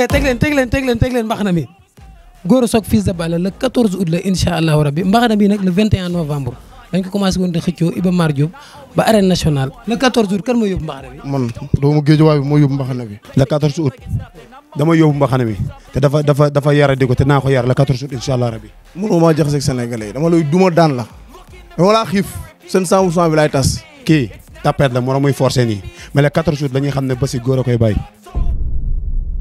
Eh, teg leen teg leen teg leen teg leen mbaxana mi Gora Sock fils de Balla le 14 août la incha allahu rabi mbaxana bi nag le 21 novembre dañ ko yóbbu mbaxana bi. man doomu géejuwaay bi moo yóbbu mbaxana bi. le 14 août dama yóbbu mbaxana bi te dafa dafa dafa te naa ko yar le 14 août incha allah rabi. mënoo maa jaxaseeg sénégalais dama lay duma daan la. dama laa xiif seen 100% bi laay tas. kii tapet la moroom muy forcé nii mais le 14 août la xam ne ba si góor a koy bàyyi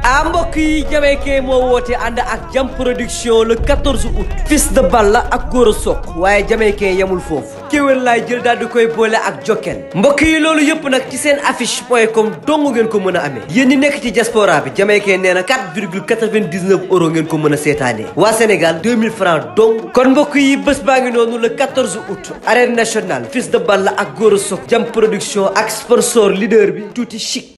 ah mbokk yi Jamaïcain moo woote ànd ak Jam Production la 14 août. Fils de Balla ak Gora Sock waaye Jamaïcain yamul foofu. kéwél laay jël daal di koy boole ak Jokkel. mbokk yi loolu yëpp nag ci seen affiche point com dong ngeen ko mën a amee. yéen ñi nekk ci diaspora bi Jamaïcain nee na 4,99 euros ngeen ko mën a seetaanee. waa Sénégal 2000 francs dong. kon mbokk yi bés baa ngi noonu le 14 août. arène nationale Fils de Balla ak Gora Sock Jam Production ak sponsor leader bi tuuti chic.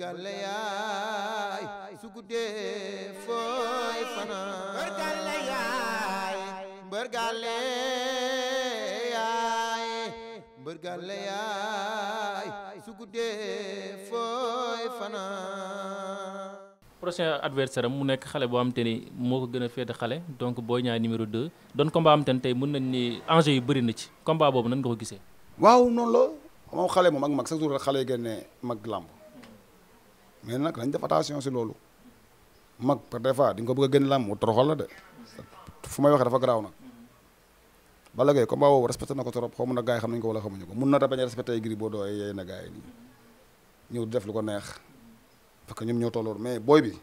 barkalla yaay su guddee fooy fanaan barkalla yaay su guddee fooy fanaan prochain adversaire mu nekk xale boo xamante ni moo ko gën a féete xale donc Boy Niang numéro 2 doon combat am tey mën nañ ni enjeu yi bëri na ci combat boobu nañ nga ko gisee. waaw noonu la moom xale moom ak mag chaque jour xale yi génne mag làmb mais nag dañ def attention si loolu mag par des fois di ko bëgg a gën làmb mu toroxal la de fu may waxee dafa garaaw nag Balla Gaye combat boobu respecté na ko trop xaw ma nag gars yi xam nañu ko wala xamuñu ko mun na ta a respecté ay Gris Bordeaux yey na ñëw di lu ko neex parce que ñoom ñoo tolloon mais booy bi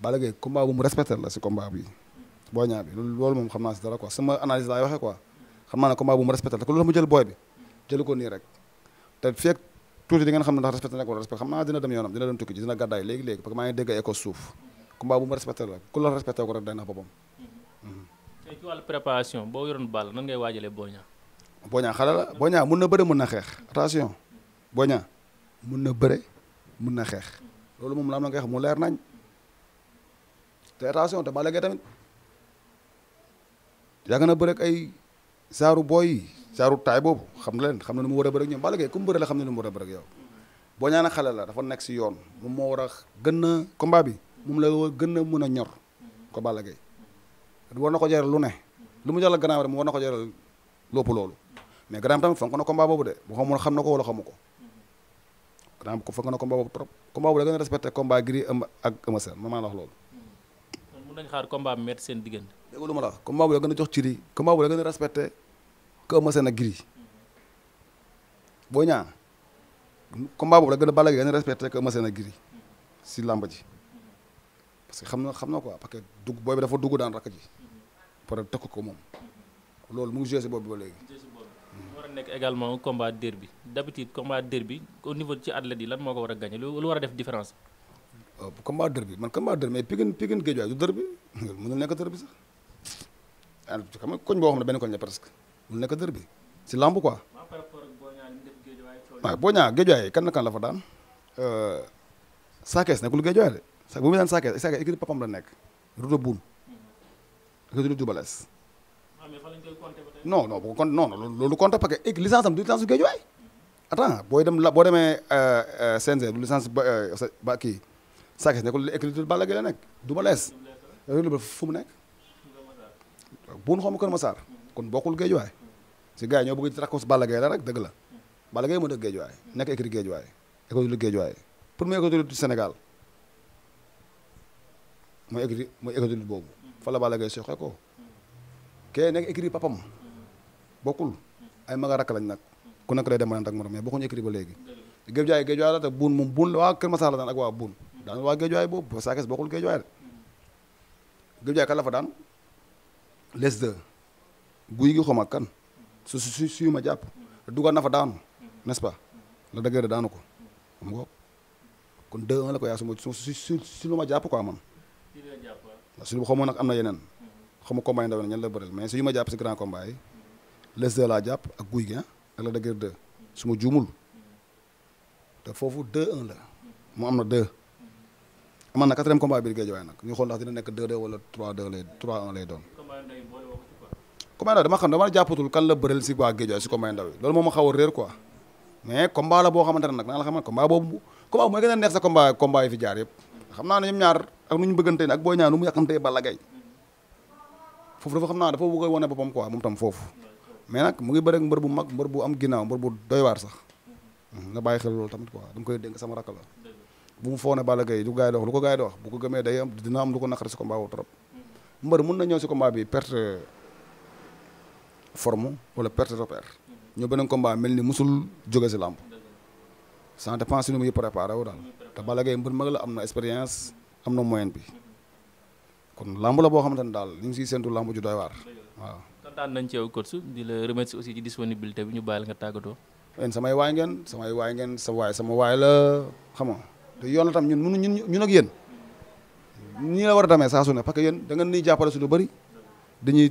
Balla Gaye combat bu mu respecté la si combat bi boo ñaa bi loolu moom xam naa si dara quoi sama analyse laay waxee ko xam naa ne combat bu mu respecté la ko loolu mu jël booy bi jëlu ko nii rek te fekk tuuti di xam ne ndax respecté na ko respecté xam naa dina dem yoonam dina dem tukki ji dina gàddaay léegi léegi parce que maa ngi dégg éco suuf combat bu mu respecté la ku la respecté ko rek boo yoroon ngay waajalee Boña Boña xale la Boña mun na bëre mun na xeex attention Boña mun na bëre mun na xeex loolu moom la am na ngay mu leer nañ te attention te Balla Gaye tamit yàgg na bëre ak ay saaru booy saaru taay boobu xam na leen xam na nu mu war a bëri ak na nu a bëri ak yow boo ñaan xale la dafa nekk si yoon moom moo war a gën a combat bi moom la gën a mën a ñor ko Balla a war na ko jaral lu ne lu mu jaral gannaaw rek mu na ko jaral lépp loolu mais gannaaw tamit fonk na combat boobu de boo xamul xam na ko wala xamu ko gannaaw ko fonk na combat boobu trop combat gën a respecté combat Gris ëmb ak Eumeu Sène man maa la wax loolu. kon mun nañu xaar combat bi métti seen diggante. lu ma la wax combat gën a jox ciri combat boobu da gën a respecté. que Eumeu Sène ak Gris Boy Niang combat boobu la gën a Balla Gaye gën a respecté que Eumeu Sène ak Gris si làmb ji parce que xam na xam na quoi parce que dugg booy bi dafa dugg daan rakk ji pour tëkk ko moom loolu mu ngi joué si boobu ba léegi. war a nekk également combat bi d'habitude combat derby au niveau ci athlètes yi lan moo war a gagné lu war a def différence. waaw euh, bi derby man combat derby mais Pikine Pikine nekk derby sax ah xam nga koñ boo xam ne benn koñ la mu nekk dër bi si lamb quoi. waaw boo ñaa géejuwaay kan na kan la fa daan euh, saakees nekkul géejuwaay de sa bu muy daan saakees saakees papam la nekk rudo buun rudo dubales non non bu ko compte non loolu compte parce du licence su géejuwaay mhm. booy dem la boo demee euh, euh, CNG du licence ba ba kii saakees nekkul équipe Balla Gaye la nekk dubales rudo fu mu nekk buun xaw ma Kër Massar mhm. kon bokkul géejuwaay si gaa yi ñoo bëgg ci rakkoo si Balla Gaye la rek dëgg la Balla moo dëkk Géejuwaay nekk écrit Géejuwaay école de Géejuwaay premier école la Balla ko kee nekk écrit papam bokkul ay maga rakk lañ nag ku nekk day demanant ak morom mais bokkuñu écrit ba léegi Géejuwaay la te buun moom buun la waa Kër Masaar la daan ak waa buun daan waa Géejuwaay boobu Sa bokkul Géejuwaay de Géejuwaay kan la daan les deux guy gi xom ak kan su su suyu ma jàpp dugal na fa daanu nest pa la dëgër daanu ko xam nga kon 2-1 la ko yaa suma su su lu ma jàpp quoi man suñu xaw ma nag am na yeneen xaw ma combat yi ndaw ñan la mais suñu ma jàpp si grand combat yi les deux laa jàpp ak guy gi ah, ak la dëgër 2 te foofu 2-1 la am na 2 aman na quatrième combat biir géej waaye nag ñu xool ndax dina nekk 2-2 wala trois 2 lay 3-1 lay doon Combat Ndaw dama xam dama jàppatul kan la bëreel si waa Géejawaay si Combat Ndaw yi loolu moom ma xaw a réer quoi mais combat boo xamante ne nag naa la xamal combat boobu combat bu mooy gën a neex sa combat combat yi fi jaar yëpp naa ne ñoom ñaar ak ne ak Boy Niang tam foofu mais nag mu ngi bëre ak mbër bu mag mbër bu am ginnaaw mbër bu doy waar sax hmm, nga bàyyi xel loolu tamit quoi dama koy dénk sama rakk la bu mu foone Balla Gaye du gaa yi ko gaa yi di wax bu am dina am lu ko naqari mun na ñëw si combat bi forme wala perte repère ñoo beneen combat mel ni musul jóge si làmb sans dépense ni muy préparé wu daal te Balla Gaye mbër mag la am na expérience am na moyen bi kon làmb la boo xam ne daal ñu ngi siy séntu làmb ju doy waar waaw. kontaan nañ di la remercier aussi ci disponibilité bi ñu bàyyi la nga tàggatoo. yéen samay waay ngeen samay waay ngeen sa waay sama waay la xam nga te yoon la tam ñun mënu ñun ñu ak yéen nii la war a demee saa su ne parce que yéen da ngeen di jàppale su lu bëri dañuy.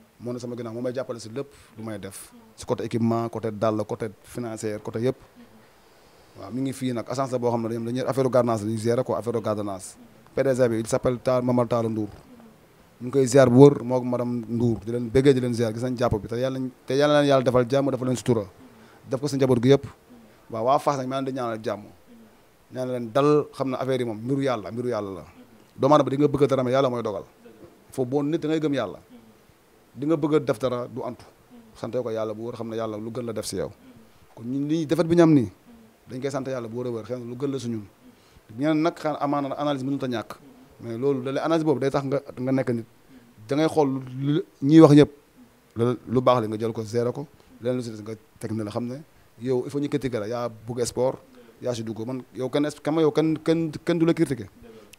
moo sama ginnaaw moo may jàppale si lépp lu may def si côté équipement côté dàll côté financier côté yëpp waaw mi ngi fii nag agence boo xam ne dañuy dañuy affaire gouvernance dañuy gérer quoi affaire gouvernance PDG bi il s'appelle Tall ngi koy ziar bu wër moog madame Ndour di leen bëggee di leen ziar gis nañ jàpp te yàlla te yàlla leen defal jàmm defal leen sutura def ko si njaboot yëpp waaw waa Fass nag maa ngi leen di ñaanal jàmm leen dal xam na affaire yi moom mbiru yàlla mbiru yàlla la doomu aadama di nga bëgg taram yàlla mooy dogal foofu boo nit da ngay gëm yàlla di nga bëgg a def dara du ant sante ko yàlla bu wóor xam ne yàlla lu gën la def si yow kon ñun li defet bi ñu am nii dañ koy sant yàlla bu wóor a wóor lu gën la suñun ñeneen nag xanaa amaana analyse mënut a ñàkk mais loolu dalee analyse boobu day tax nga nga nekk nit da ngay xool lu ñuy wax ñëpp lu baax li nga jël ko zéro ko leneen lu si des nga teg na la xam ne yow il faut ñu critiquer la yaa bëgg sport yaa si dugg man yow kenn kenn yow kenn kenn kenn du la critiquer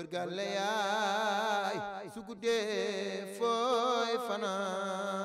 a gàlle yaay su fooy fanaan